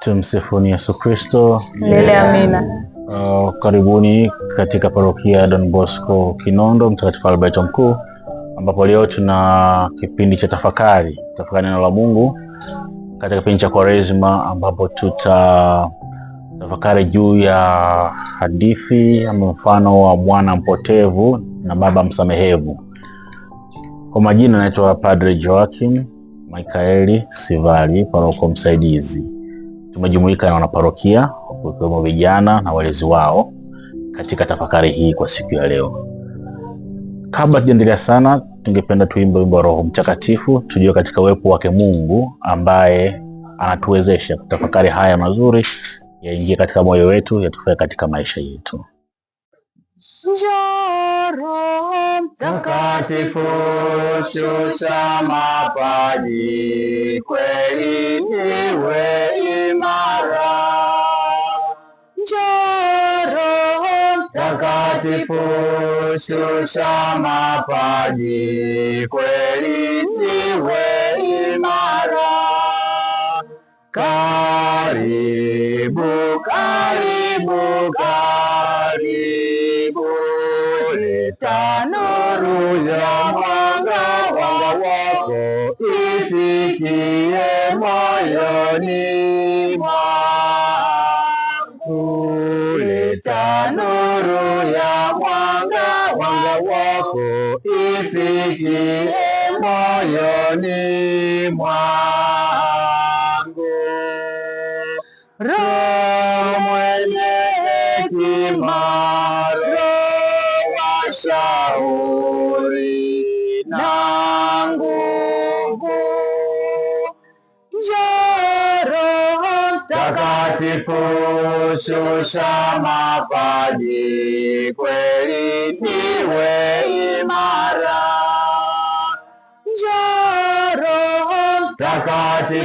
Tumsifuni Yesu Kristo. Milele amina. Uh, karibuni katika parokia ya Don Bosco Kinondo Mtakatifu Alberto Mkuu, ambapo leo tuna kipindi cha tafakari, tafakari neno la Mungu katika kipindi cha Kwaresima, ambapo tuta tafakari juu ya hadithi ama mfano wa mwana mpotevu na baba msamehevu. Kwa majina naitwa Padre Joachim Mikaeli Sivali, paroko msaidizi. Tumejumuika na wanaparokia wakiwemo vijana na walezi wao katika tafakari hii kwa siku ya leo. Kabla tujaendelea sana, tungependa tuimbe wimbo wa Roho Mtakatifu, tujue katika uwepo wake Mungu ambaye anatuwezesha kutafakari haya mazuri, yaingie katika moyo wetu, yatufae katika maisha yetu. Njoo Roho Mtakatifu, shusha mapaji, kweli iwe imara. Njoo Roho Mtakatifu, shusha mapaji, kweli iwe imara. Karibu, karibu, karibu Haleluya, mwanga wanga wako ifikie moyoni mwangu, leta nuru ya mwanga wanga wako ifikie moyoni mwangu kushusha mapaji, kweli niwe imara. Njoo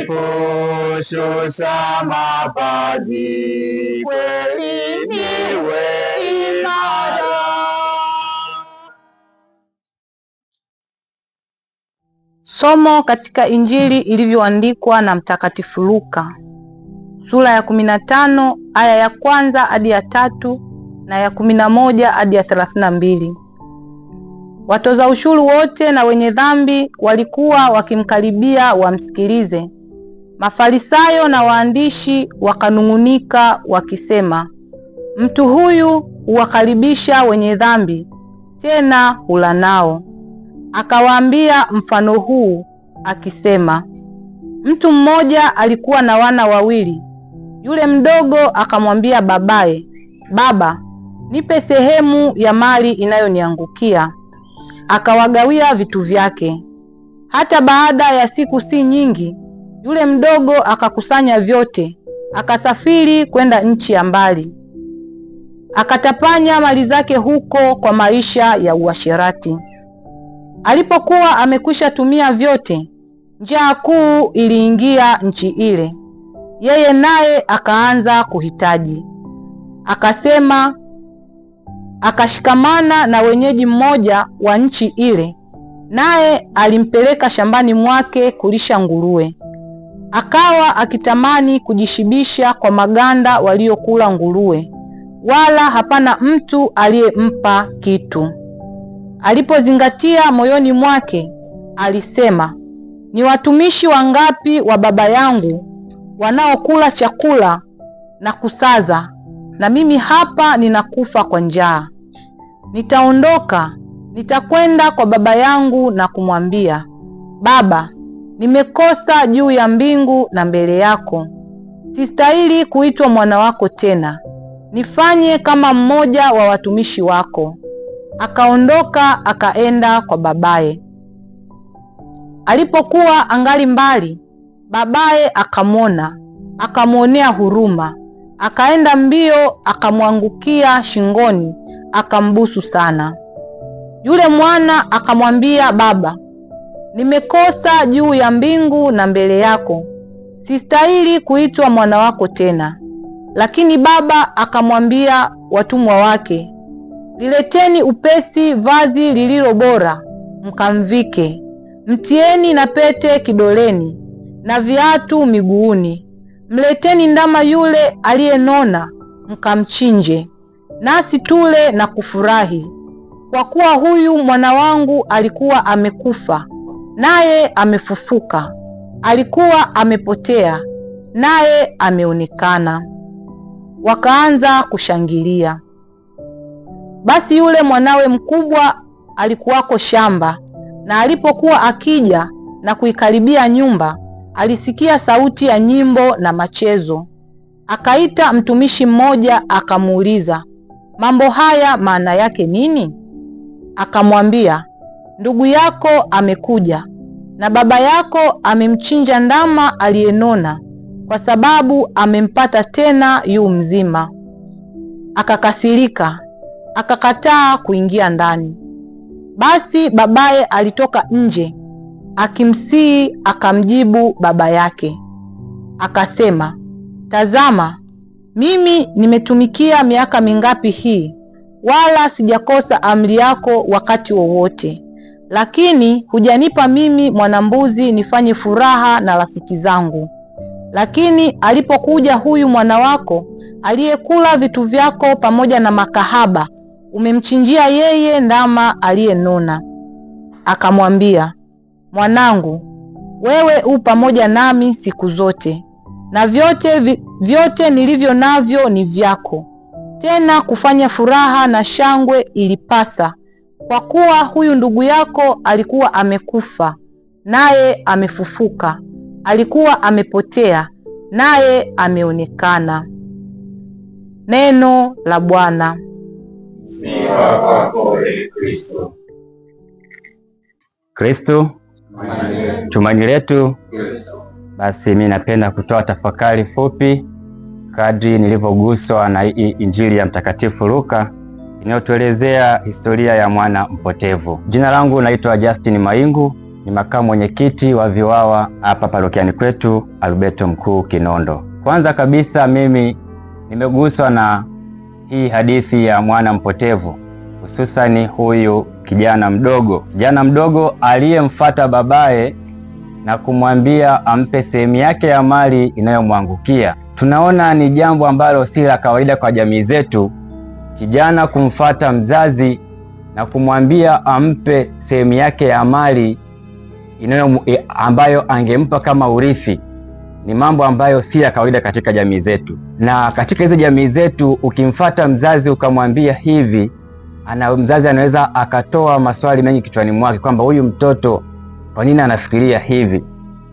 Roho shusha mapaji, kweli niwe imara. Somo katika Injili ilivyoandikwa na Mtakatifu Luka sura ya kumi na tano aya ya kwanza hadi ya tatu na ya kumi na moja hadi ya thelathini na mbili. Watoza ushuru wote na wenye dhambi walikuwa wakimkaribia wamsikilize. Mafarisayo na waandishi wakanung'unika wakisema, mtu huyu huwakaribisha wenye dhambi, tena hula nao. Akawaambia mfano huu akisema, mtu mmoja alikuwa na wana wawili yule mdogo akamwambia babaye, baba, nipe sehemu ya mali inayoniangukia. Akawagawia vitu vyake. Hata baada ya siku si nyingi, yule mdogo akakusanya vyote, akasafiri kwenda nchi ya mbali, akatapanya mali zake huko kwa maisha ya uasherati. Alipokuwa amekwisha tumia vyote, njaa kuu iliingia nchi ile. Yeye naye akaanza kuhitaji, akasema akashikamana na wenyeji mmoja wa nchi ile, naye alimpeleka shambani mwake kulisha nguruwe. Akawa akitamani kujishibisha kwa maganda waliokula nguruwe, wala hapana mtu aliyempa kitu. Alipozingatia moyoni mwake, alisema, ni watumishi wangapi wa baba yangu wanaokula chakula na kusaza, na mimi hapa ninakufa kwa njaa. Nitaondoka, nitakwenda kwa baba yangu na kumwambia, Baba, nimekosa juu ya mbingu na mbele yako, sistahili kuitwa mwana wako tena, nifanye kama mmoja wa watumishi wako. Akaondoka akaenda kwa babaye. Alipokuwa angali mbali, Babaye akamwona, akamwonea huruma, akaenda mbio, akamwangukia shingoni, akambusu sana. Yule mwana akamwambia, baba, nimekosa juu ya mbingu na mbele yako, sistahili kuitwa mwana wako tena. Lakini baba akamwambia watumwa wake, lileteni upesi vazi lililo bora, mkamvike, mtieni na pete kidoleni na viatu miguuni. Mleteni ndama yule aliyenona, mkamchinje, nasi tule na kufurahi, kwa kuwa huyu mwana wangu alikuwa amekufa, naye amefufuka; alikuwa amepotea, naye ameonekana. Wakaanza kushangilia. Basi yule mwanawe mkubwa alikuwako shamba, na alipokuwa akija na kuikaribia nyumba alisikia sauti ya nyimbo na machezo. Akaita mtumishi mmoja akamuuliza, mambo haya maana yake nini? Akamwambia, ndugu yako amekuja na baba yako amemchinja ndama aliyenona, kwa sababu amempata tena yu mzima. Akakasirika, akakataa kuingia ndani. Basi babaye alitoka nje akimsii akamjibu baba yake akasema, tazama, mimi nimetumikia miaka mingapi hii, wala sijakosa amri yako wakati wowote, lakini hujanipa mimi mwanambuzi nifanye furaha na rafiki zangu. Lakini alipokuja huyu mwana wako aliyekula vitu vyako pamoja na makahaba, umemchinjia yeye ndama aliyenona. Akamwambia, Mwanangu, wewe u pamoja nami siku zote, na vyote vi, vyote nilivyo navyo ni vyako. Tena kufanya furaha na shangwe ilipasa, kwa kuwa huyu ndugu yako alikuwa amekufa naye amefufuka, alikuwa amepotea naye ameonekana. Neno la Bwana. Sifa kwako ee Kristo. Kristo tumaini letu. Basi mimi napenda kutoa tafakari fupi kadri nilivyoguswa na Injili ya Mtakatifu Luka inayotuelezea historia ya mwana mpotevu. Jina langu naitwa Justin Maingu, ni makamu mwenyekiti wa VIWAWA hapa parokiani kwetu Alberto Mkuu Kinondo. Kwanza kabisa mimi nimeguswa na hii hadithi ya mwana mpotevu hususani huyu kijana mdogo, kijana mdogo aliyemfata babaye na kumwambia ampe sehemu yake ya mali inayomwangukia. Tunaona ni jambo ambalo si la kawaida kwa jamii zetu, kijana kumfata mzazi na kumwambia ampe sehemu yake ya mali inayo eh, ambayo angempa kama urithi. Ni mambo ambayo si ya kawaida katika jamii zetu, na katika hizo jamii zetu ukimfata mzazi ukamwambia hivi ana mzazi anaweza akatoa maswali mengi kichwani mwake kwamba huyu mtoto kwa nini anafikiria hivi,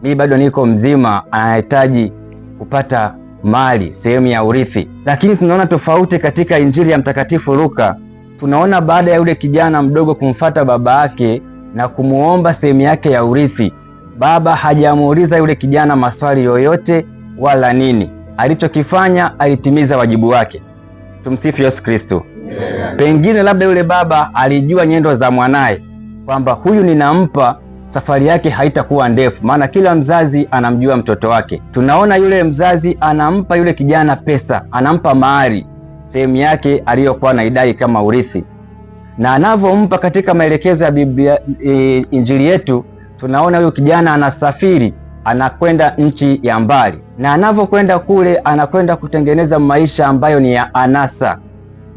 mi bado niko mzima, anahitaji kupata mali sehemu ya urithi. Lakini tunaona tofauti katika Injili ya Mtakatifu Luka. Tunaona baada ya yule kijana mdogo kumfata baba yake na kumuomba sehemu yake ya urithi, baba hajamuuliza yule kijana maswali yoyote wala nini. Alichokifanya, alitimiza wajibu wake. Tumsifu Yesu Kristo. Pengine labda yule baba alijua nyendo za mwanaye kwamba huyu ninampa safari yake haitakuwa ndefu, maana kila mzazi anamjua mtoto wake. Tunaona yule mzazi anampa yule kijana pesa, anampa mahari, sehemu yake aliyokuwa na idai kama urithi, na anavyompa katika maelekezo ya Biblia, e, Injili yetu tunaona huyo kijana anasafiri, anakwenda nchi ya mbali, na anavyokwenda kule anakwenda kutengeneza maisha ambayo ni ya anasa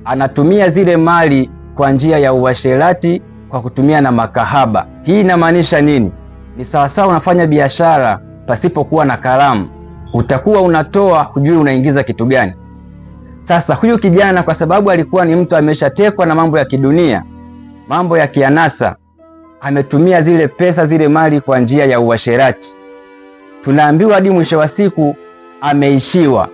anatumia zile mali kwa njia ya uasherati kwa kutumia na makahaba. Hii inamaanisha nini? Ni sawasawa unafanya biashara pasipokuwa na kalamu, utakuwa unatoa hujui unaingiza kitu gani. Sasa huyu kijana kwa sababu alikuwa ni mtu ameshatekwa na mambo ya kidunia, mambo ya kianasa, ametumia zile pesa zile mali kwa njia ya uasherati. Tunaambiwa hadi mwisho wa siku ameishiwa,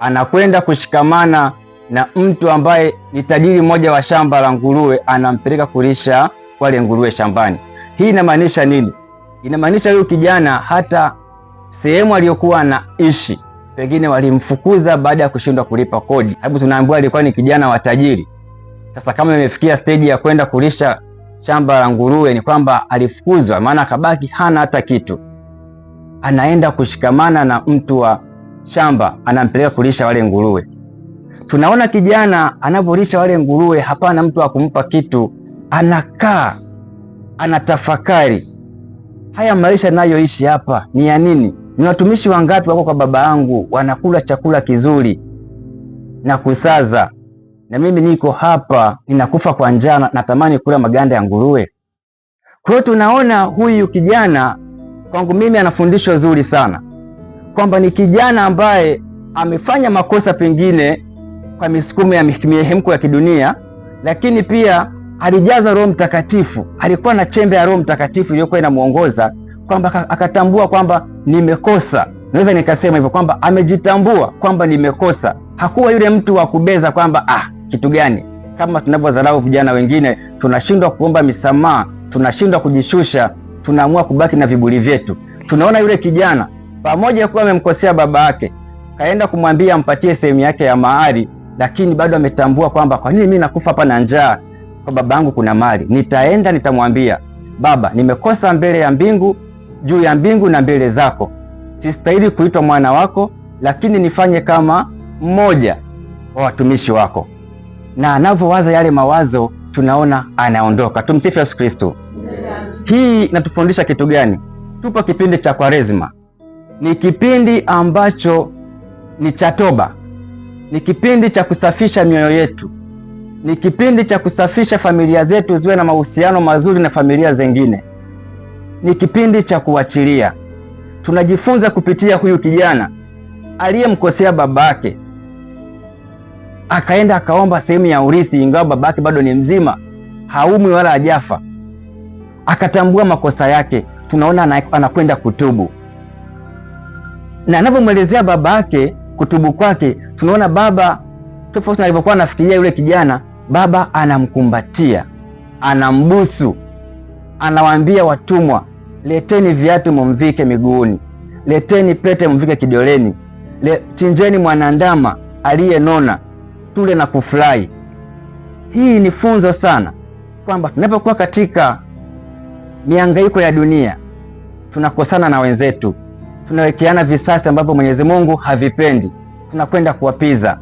anakwenda kushikamana na mtu ambaye ni tajiri mmoja wa shamba la nguruwe anampeleka kulisha wale nguruwe shambani. Hii inamaanisha nini? Inamaanisha huyu kijana hata sehemu aliyokuwa anaishi pengine walimfukuza baada ya kushindwa kulipa kodi, Hebu tunaambiwa alikuwa ni kijana wa tajiri. Sasa kama imefikia steji ya kwenda kulisha shamba la nguruwe, ni kwamba alifukuzwa, maana akabaki hana hata kitu. Anaenda kushikamana na mtu wa shamba, anampeleka kulisha wale nguruwe. Tunaona kijana anavyolisha wale nguruwe, hapana mtu akumpa kitu, anakaa anatafakari, haya maisha nayoishi hapa ni ya nini? Ni watumishi wangapi wako kwa baba yangu wanakula chakula kizuri na kusaza, na mimi niko hapa ninakufa kwa njaa, natamani kula maganda ya nguruwe. Kwa hiyo tunaona huyu kijana, kwangu mimi, anafundishwa zuri sana kwamba ni kijana ambaye amefanya makosa pengine kwa misukumo ya mihemko ya kidunia, lakini pia alijaza Roho Mtakatifu. Alikuwa na chembe ya Roho Mtakatifu iliyokuwa inamuongoza kwamba akatambua kwamba nimekosa. Naweza nikasema hivyo kwamba amejitambua kwamba nimekosa. Hakuwa yule mtu wa kubeza kwamba ah, kitu gani, kama tunavyodharau vijana wengine, tunashindwa kuomba misamaha, tunashindwa kujishusha, tunaamua kubaki na viburi vyetu. Tunaona yule kijana pamoja kuwa amemkosea baba yake, kaenda kumwambia ampatie sehemu yake ya mahari lakini bado ametambua kwamba kwa nini mimi nakufa hapa na njaa, kwa babangu kuna mali. Nitaenda nitamwambia baba, nimekosa mbele ya mbingu, juu ya mbingu na mbele zako, sistahili kuitwa mwana wako, lakini nifanye kama mmoja wa watumishi wako. Na anavyowaza yale mawazo, tunaona anaondoka. Tumsifu Yesu Kristo. Hii natufundisha kitu gani? Tupo kipindi cha kwarezma ni kipindi ambacho ni cha toba ni kipindi cha kusafisha mioyo yetu, ni kipindi cha kusafisha familia zetu ziwe na mahusiano mazuri na familia zingine, ni kipindi cha kuachilia. Tunajifunza kupitia huyu kijana aliyemkosea babake, akaenda akaomba sehemu ya urithi, ingawa babake bado ni mzima, haumwi wala hajafa, akatambua makosa yake. Tunaona anakwenda kutubu na anavyomwelezea babake kutubu kwake, tunaona baba, tofauti na alivyokuwa anafikiria yule kijana, baba anamkumbatia, anambusu, anawaambia watumwa, leteni viatu mumvike miguuni, leteni pete mumvike kidoleni, le, chinjeni mwanandama aliyenona, tule na kufurahi. Hii ni funzo sana kwamba tunapokuwa katika miangaiko ya dunia tunakosana na wenzetu tunawekeana visasi ambavyo Mwenyezi Mungu havipendi, tunakwenda kuwapiza,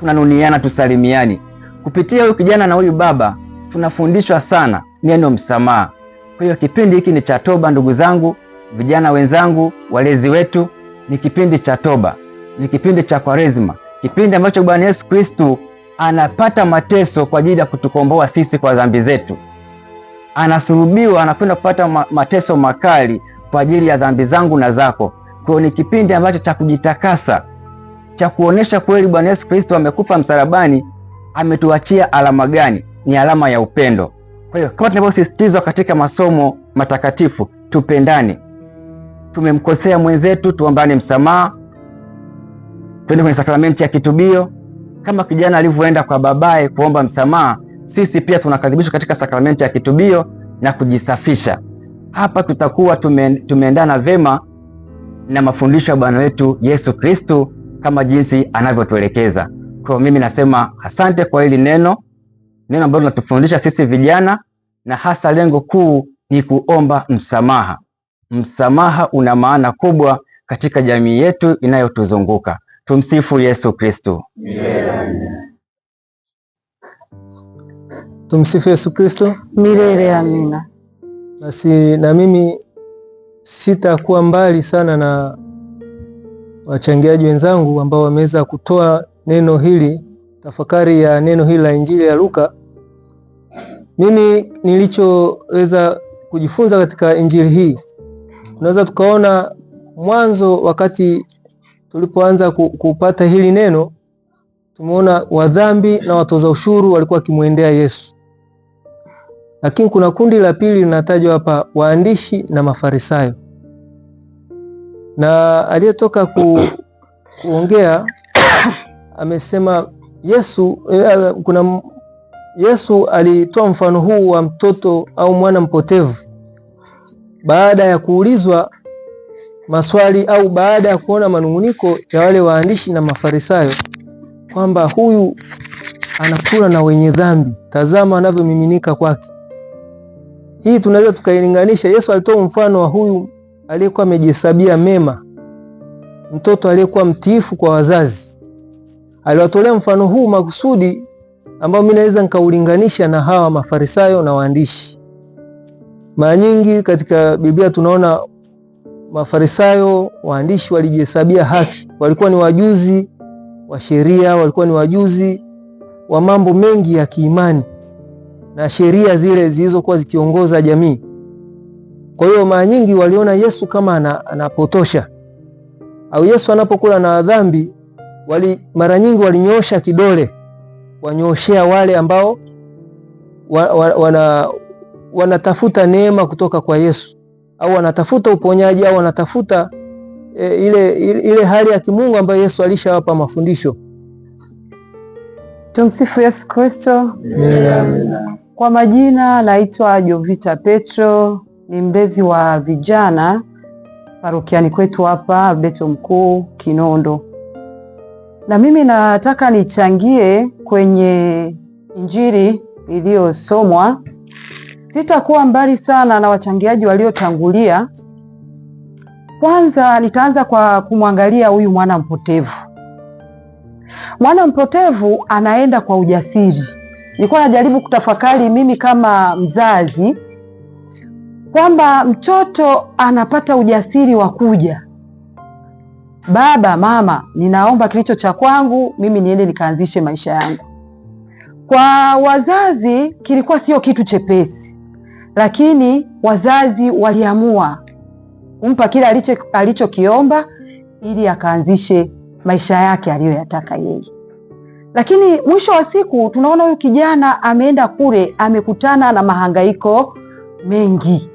tunanuniana, tusalimiani. Kupitia huyu kijana na huyu baba tunafundishwa sana neno msamaha. Kwa hiyo kipindi hiki ni cha toba, ndugu zangu, vijana wenzangu, walezi wetu, ni kipindi cha toba, ni kipindi cha kwarezima kipindi ambacho Bwana Yesu Kristu anapata mateso kwa ajili ya kutukomboa sisi kwa dhambi zetu, anasurubiwa anakwenda kupata mateso makali kwa ajili ya dhambi zangu na zako. Kwa ni kipindi ambacho cha kujitakasa, cha kuonesha kweli Bwana Yesu Kristo amekufa msalabani, ametuachia alama gani? Ni alama ya upendo. Kwa hiyo kama tunavyosisitizwa katika masomo matakatifu, tupendane. Tumemkosea mwenzetu, tuombane msamaha, tuende kwenye sakramenti ya kitubio. Kama kijana alivyoenda kwa babaye kuomba msamaha, sisi pia tunakaribishwa katika sakramenti ya kitubio na kujisafisha hapa tutakuwa tumeendana vema na mafundisho ya Bwana wetu Yesu Kristu kama jinsi anavyotuelekeza. Kwa mimi nasema asante kwa hili neno, neno ambalo natufundisha sisi vijana, na hasa lengo kuu ni kuomba msamaha. Msamaha una maana kubwa katika jamii yetu inayotuzunguka. Tumsifu Yesu Kristu. Yeah. Tumsifu Yesu Kristo milele. Amina basi na mimi sitakuwa mbali sana na wachangiaji wenzangu ambao wameweza kutoa neno hili, tafakari ya neno hili la Injili ya Luka. Mimi nilichoweza kujifunza katika Injili hii, tunaweza tukaona mwanzo, wakati tulipoanza kupata hili neno, tumeona wadhambi na watoza ushuru walikuwa wakimwendea Yesu lakini kuna kundi la pili linatajwa hapa, waandishi na Mafarisayo, na aliyetoka ku, kuongea amesema Yesu eh, kuna Yesu alitoa mfano huu wa mtoto au mwana mpotevu baada ya kuulizwa maswali au baada ya kuona manunguniko ya wale waandishi na Mafarisayo kwamba huyu anakula na wenye dhambi, tazama anavyomiminika kwake. Hii tunaweza tukailinganisha. Yesu alitoa mfano wa huyu aliyekuwa amejihesabia mema, mtoto aliyekuwa mtiifu kwa wazazi. Aliwatolea mfano huu makusudi ambao mimi naweza nikaulinganisha na hawa Mafarisayo na waandishi. Mara nyingi katika Biblia tunaona Mafarisayo, waandishi walijihesabia haki, walikuwa ni wajuzi wa sheria, walikuwa ni wajuzi wa mambo mengi ya kiimani na sheria zile zilizokuwa zikiongoza jamii. Kwa hiyo mara nyingi waliona Yesu kama anapotosha au Yesu anapokula na dhambi wali, mara nyingi walinyosha kidole wanyoshea wale ambao wa, wa, wana, wanatafuta neema kutoka kwa Yesu au wanatafuta uponyaji au wanatafuta e, ile, ile hali ya kimungu ambayo Yesu alishawapa mafundisho. Tumsifu Yesu Kristo. Yeah. Kwa majina naitwa Jovita Petro, ni mlezi wa vijana parokiani kwetu hapa beto Mkuu Kinondo, na mimi nataka nichangie kwenye injili iliyosomwa. Sitakuwa mbali sana na wachangiaji waliotangulia. Kwanza nitaanza kwa kumwangalia huyu mwana mpotevu. Mwana mpotevu anaenda kwa ujasiri nilikuwa najaribu kutafakari mimi kama mzazi kwamba mtoto anapata ujasiri wa kuja, baba mama, ninaomba kilicho cha kwangu, mimi niende nikaanzishe maisha yangu. Kwa wazazi kilikuwa sio kitu chepesi, lakini wazazi waliamua kumpa kile alichokiomba ili akaanzishe maisha yake aliyoyataka yeye. Lakini mwisho wa siku tunaona huyu kijana ameenda kule, amekutana na mahangaiko mengi,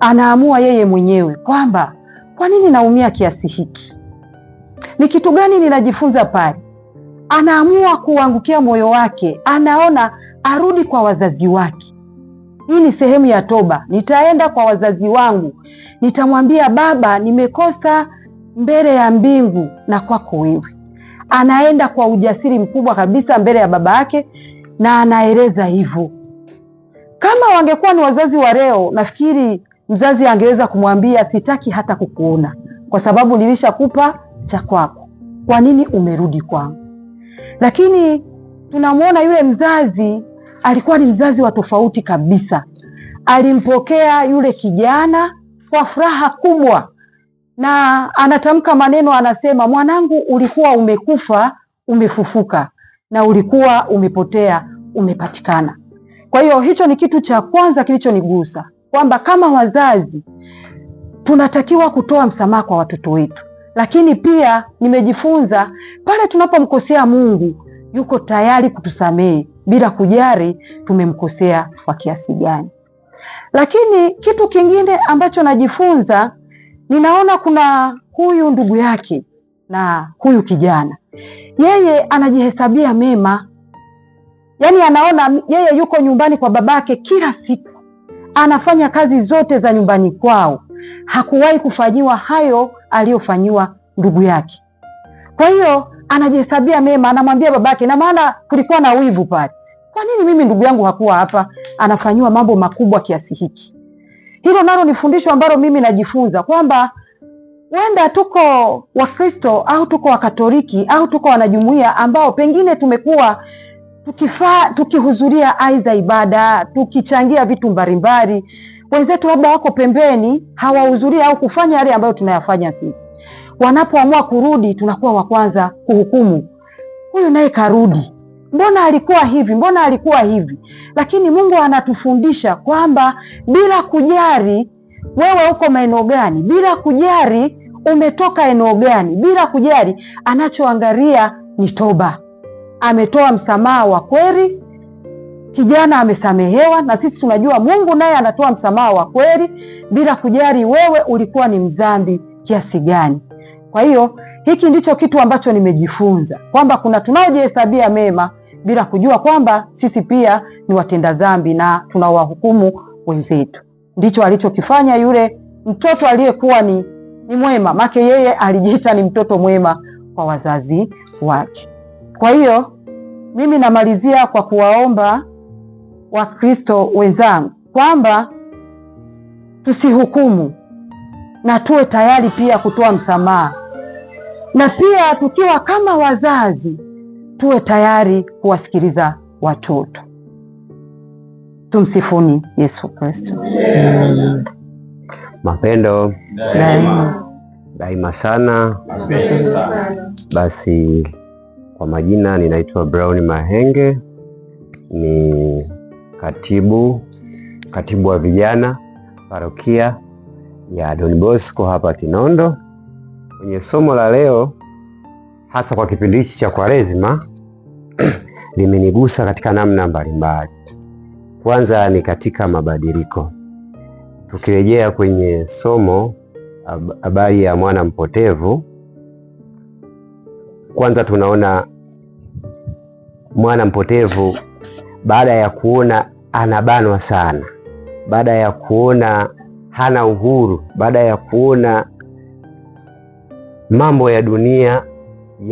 anaamua yeye mwenyewe kwamba kwa nini naumia kiasi hiki, ni kitu gani ninajifunza pale? Anaamua kuangukia moyo wake, anaona arudi kwa wazazi wake. Hii ni sehemu ya toba. Nitaenda kwa wazazi wangu, nitamwambia baba, nimekosa mbele ya mbingu na kwako wewe anaenda kwa ujasiri mkubwa kabisa mbele ya baba yake, na anaeleza hivyo. Kama wangekuwa ni wazazi wa leo, nafikiri mzazi angeweza kumwambia sitaki hata kukuona, kwa sababu nilishakupa cha kwako, kwa nini umerudi kwangu? Lakini tunamwona yule mzazi alikuwa ni mzazi wa tofauti kabisa. Alimpokea yule kijana kwa furaha kubwa, na anatamka maneno, anasema mwanangu, ulikuwa umekufa umefufuka, na ulikuwa umepotea umepatikana. Kwa hiyo hicho ni kitu cha kwanza kilichonigusa kwamba kama wazazi tunatakiwa kutoa msamaha kwa watoto wetu, lakini pia nimejifunza pale tunapomkosea Mungu yuko tayari kutusamehe bila kujali tumemkosea kwa kiasi gani. Lakini kitu kingine ambacho najifunza ninaona kuna huyu ndugu yake na huyu kijana, yeye anajihesabia mema, yaani anaona yeye yuko nyumbani kwa babake kila siku, anafanya kazi zote za nyumbani kwao, hakuwahi kufanyiwa hayo aliyofanyiwa ndugu yake. Kwa hiyo anajihesabia mema, anamwambia babake, na maana kulikuwa na wivu pale, kwa nini mimi ndugu yangu hakuwa hapa anafanyiwa mambo makubwa kiasi hiki? Hilo nalo ni fundisho ambalo mimi najifunza kwamba huenda tuko Wakristo au tuko Wakatoliki au tuko wanajumuia ambao pengine tumekuwa tukifaa tukihudhuria ai za ibada tukichangia vitu mbalimbali, wenzetu labda wako pembeni hawahudhuria au kufanya yale ambayo tunayafanya sisi. Wanapoamua kurudi, tunakuwa wa kwanza kuhukumu, huyu naye karudi mbona alikuwa hivi, mbona alikuwa hivi. Lakini Mungu anatufundisha kwamba bila kujali wewe uko maeneo gani, bila kujali umetoka eneo gani, bila kujali, anachoangalia ni toba. Ametoa msamaha wa kweli, kijana amesamehewa, na sisi tunajua Mungu naye anatoa msamaha wa kweli, bila kujali wewe ulikuwa ni mzambi kiasi gani. Kwa hiyo hiki ndicho kitu ambacho nimejifunza kwamba kuna tunaojihesabia mema bila kujua kwamba sisi pia ni watenda dhambi na tunawahukumu wenzetu. Ndicho alichokifanya yule mtoto aliyekuwa ni, ni mwema, make yeye alijiita ni mtoto mwema kwa wazazi wake. Kwa hiyo mimi namalizia kwa kuwaomba Wakristo wenzangu kwamba tusihukumu na tuwe tayari pia kutoa msamaha, na pia tukiwa kama wazazi tuwe tayari kuwasikiliza watoto. Tumsifuni Yesu Kristo. Mapendo daima, daima sana, sana. Basi kwa majina ninaitwa Brown Mahenge, ni katibu katibu wa vijana parokia ya Don Bosco hapa Kinondo. Kwenye somo la leo hasa kwa kipindi hichi cha Kwaresima limenigusa katika namna mbalimbali. Kwanza ni katika mabadiliko, tukirejea kwenye somo habari ya mwana mpotevu, kwanza tunaona mwana mpotevu baada ya kuona anabanwa sana, baada ya kuona hana uhuru, baada ya kuona mambo ya dunia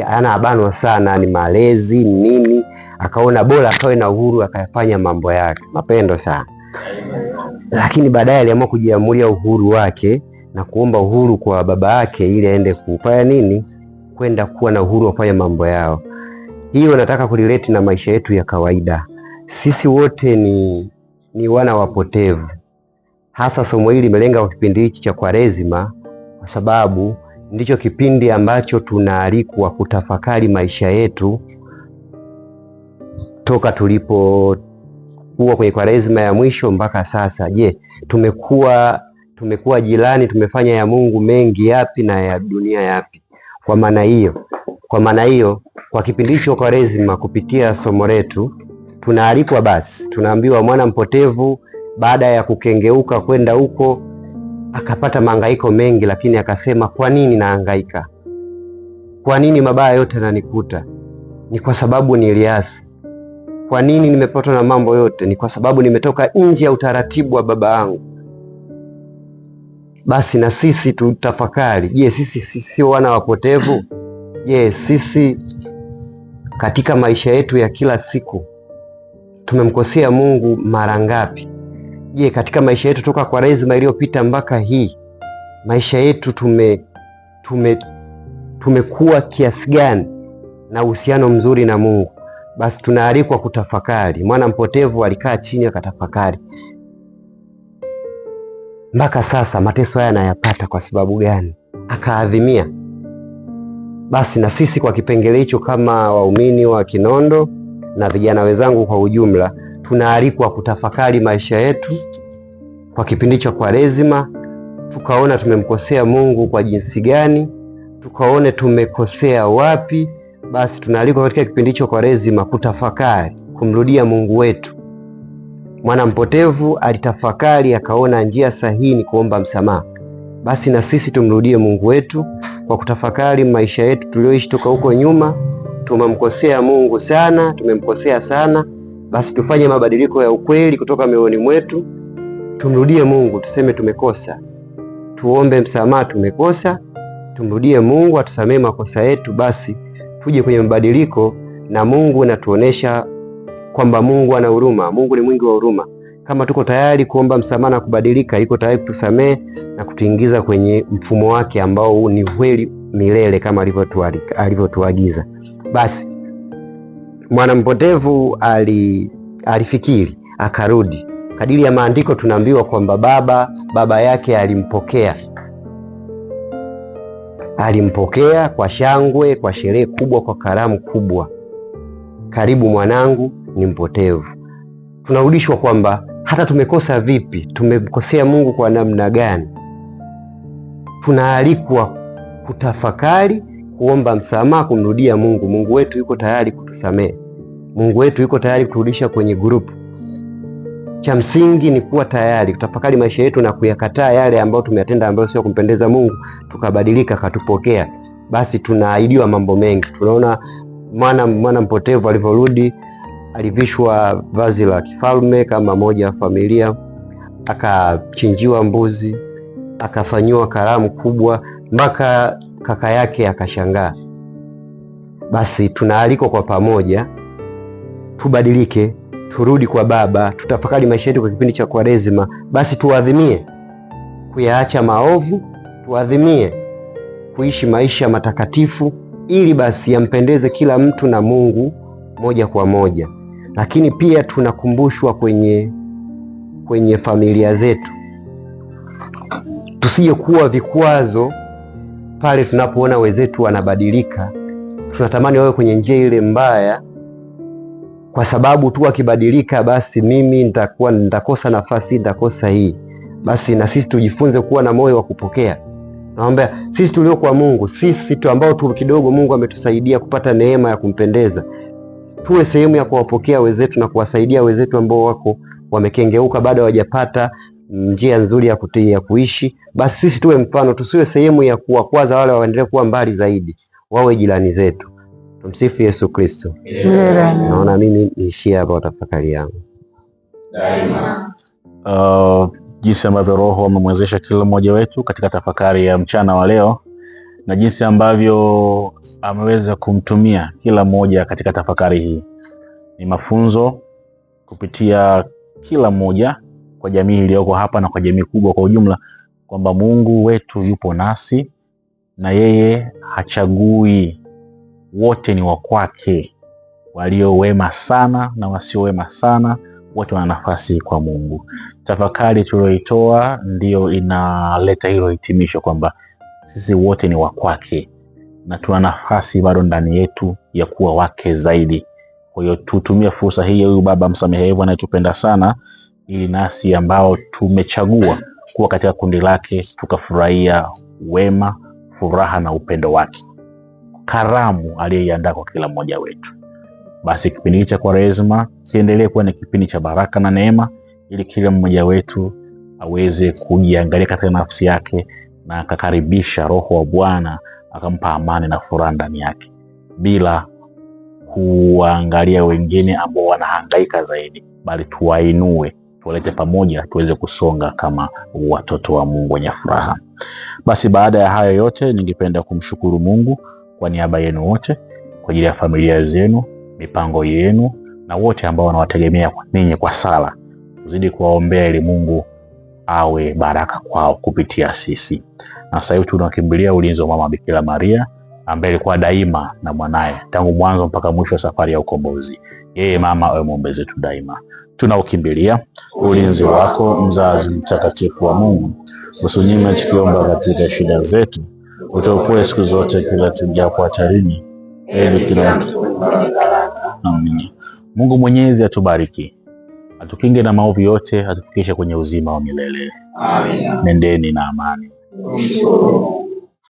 ana abanwa sana, ni malezi nini, akaona bora akawe na uhuru akayafanya mambo yake mapendo sana, lakini baadaye aliamua kujiamulia uhuru wake na kuomba uhuru kwa baba yake ili aende kufanya nini, kwenda kuwa na uhuru wafanya mambo yao. Hiyo nataka kulireti na maisha yetu ya kawaida. Sisi wote ni, ni wana wapotevu, hasa somo hili limelenga kwa kipindi hichi cha Kwaresima kwa sababu ndicho kipindi ambacho tunaalikwa kutafakari maisha yetu toka tulipokuwa kwenye Kwaresima ya mwisho mpaka sasa. Je, tumekuwa tumekuwa jirani, tumefanya ya Mungu mengi yapi na ya dunia yapi? Kwa maana hiyo, kwa maana hiyo, kwa kipindi hicho Kwaresima, kupitia somo letu tunaalikwa basi, tunaambiwa mwana mpotevu, baada ya kukengeuka kwenda huko akapata mahangaiko mengi, lakini akasema kwa nini naangaika Kwa nini mabaya yote yananikuta? Ni kwa sababu niliasi. Kwa nini nimepatwa na mambo yote? Ni kwa sababu nimetoka nje ya utaratibu wa baba yangu. Basi na sisi tutafakari, je, sisi sio wana wapotevu? Je, sisi katika maisha yetu ya kila siku tumemkosea Mungu mara ngapi? Je, katika maisha yetu toka kwa Kwaresima iliyopita mpaka hii maisha yetu tume tume tumekuwa kiasi gani na uhusiano mzuri na Mungu? Basi tunaalikwa kutafakari. Mwana mpotevu alikaa chini akatafakari, mpaka sasa mateso haya anayapata kwa sababu gani? Akaadhimia. Basi na sisi kwa kipengele hicho, kama waumini wa Kinondo na vijana wenzangu kwa ujumla, tunaalikwa kutafakari maisha yetu kwa kipindi cha Kwaresima, tukaona tumemkosea Mungu kwa jinsi gani, tukaone tumekosea wapi. Basi tunaalikwa katika kipindi cha Kwaresima kutafakari, kumrudia Mungu wetu. Mwana mpotevu alitafakari akaona njia sahihi ni kuomba msamaha. Basi na sisi tumrudie Mungu wetu kwa kutafakari maisha yetu tulioishi toka huko nyuma tumemkosea Mungu sana, tumemkosea sana. Basi tufanye mabadiliko ya ukweli kutoka mioyoni mwetu, tumrudie Mungu, tuseme tumekosa, tuombe msamaha, tumekosa, tumrudie Mungu atusamee makosa yetu, basi tuje kwenye mabadiliko, na Mungu natuonesha kwamba Mungu ana huruma. Mungu ni mwingi wa huruma. Kama tuko tayari kuomba msamaha na kubadilika, yuko tayari kutusamehe na kutuingiza kwenye mfumo wake ambao ni kweli milele kama alivyotuagiza. Basi mwana mpotevu ali, alifikiri akarudi. Kadiri ya maandiko tunaambiwa kwamba baba baba yake alimpokea alimpokea kwa shangwe, kwa sherehe kubwa, kwa karamu kubwa. Karibu mwanangu, ni mpotevu. Tunarudishwa kwamba hata tumekosa vipi, tumemkosea Mungu kwa namna gani, tunaalikwa kutafakari kuomba msamaha, kumrudia Mungu. Mungu wetu yuko tayari kutusamehe. Mungu wetu yuko tayari kuturudisha kwenye grupu. Cha msingi ni kuwa tayari kutafakari maisha yetu na kuyakataa yale ambayo tumeyatenda ambayo sio kumpendeza Mungu, tukabadilika, katupokea, basi tunaahidiwa mambo mengi. Tunaona mwana mwana mpotevu alivyorudi, alivishwa vazi la kifalme kama moja ya familia, akachinjiwa mbuzi, akafanyiwa karamu kubwa, mpaka Kaka yake akashangaa. Basi tunaalikwa kwa pamoja tubadilike, turudi kwa Baba, tutafakari maisha yetu kwa kipindi cha Kwaresima. Basi tuadhimie kuyaacha maovu, tuadhimie kuishi maisha matakatifu, ili basi yampendeze kila mtu na Mungu moja kwa moja. Lakini pia tunakumbushwa kwenye, kwenye familia zetu tusije kuwa vikwazo pale tunapoona wenzetu wanabadilika, tunatamani wawe kwenye njia ile mbaya, kwa sababu tu wakibadilika, basi mimi nitakuwa nitakosa nafasi, nitakosa hii. Basi na sisi tujifunze kuwa na moyo wa kupokea. Naomba sisi tulio kwa Mungu, sisi tu ambao tu kidogo Mungu ametusaidia kupata neema ya kumpendeza, tuwe sehemu ya kuwapokea wenzetu na kuwasaidia wenzetu ambao wako wamekengeuka, bado hawajapata njia nzuri ya, kutii ya kuishi, basi sisi tuwe mfano, tusiwe sehemu ya kuwakwaza wale waendelee kuwa mbali zaidi, wawe jirani zetu. Tumsifu Yesu Kristo. Naona mimi niishie hapa tafakari yangu daima. Uh, jinsi ambavyo Roho amemwezesha kila mmoja wetu katika tafakari ya mchana wa leo na jinsi ambavyo ameweza kumtumia kila mmoja katika tafakari hii, ni mafunzo kupitia kila mmoja kwa jamii iliyoko hapa na kwa jamii kubwa kwa ujumla, kwamba Mungu wetu yupo nasi na yeye hachagui, wote ni wa kwake, walio wema sana na wasio wema sana, wote wana nafasi kwa Mungu. Tafakari tulioitoa ndio inaleta hilo hitimisho kwamba sisi wote ni wa kwake na tuna nafasi bado ndani yetu ya kuwa wake zaidi. Kwa hiyo tutumie fursa hii, huyu Baba msamehevu anayetupenda sana ili nasi ambao tumechagua kuwa katika kundi lake tukafurahia wema, furaha na upendo wake, karamu aliyeiandaa kwa kila mmoja wetu. Basi kipindi hii cha Kwaresma kiendelee kuwa ni kipindi cha baraka na neema, ili kila mmoja wetu aweze kujiangalia katika nafsi yake na akakaribisha Roho wa Bwana akampa amani na furaha ndani yake, bila kuwaangalia wengine ambao wanahangaika zaidi, bali tuwainue tuwalete pamoja tuweze kusonga kama watoto wa Mungu wenye furaha. Basi baada ya hayo yote, ningependa kumshukuru Mungu kwa niaba yenu wote, kwa ajili ya familia zenu, mipango yenu na wote ambao wanawategemea ninyi kwa sala. kuzidi kuwaombea ili Mungu awe baraka kwao kupitia sisi. Na sahivi tunakimbilia ulinzi wa Mama bikila Maria ambaye alikuwa daima na mwanaye tangu mwanzo mpaka mwisho wa safari ya ukombozi. Yeye mama awe mwombezetu daima tunaokimbilia ulinzi wako, mzazi mtakatifu wa Mungu. Usinyime tukiomba katika shida zetu, utuokoe siku zote kila tujapo hatarini. Heri kila Mungu Mwenyezi atubariki, atukinge na maovu yote, atufikishe kwenye uzima wa milele. Amina. Nendeni na amani.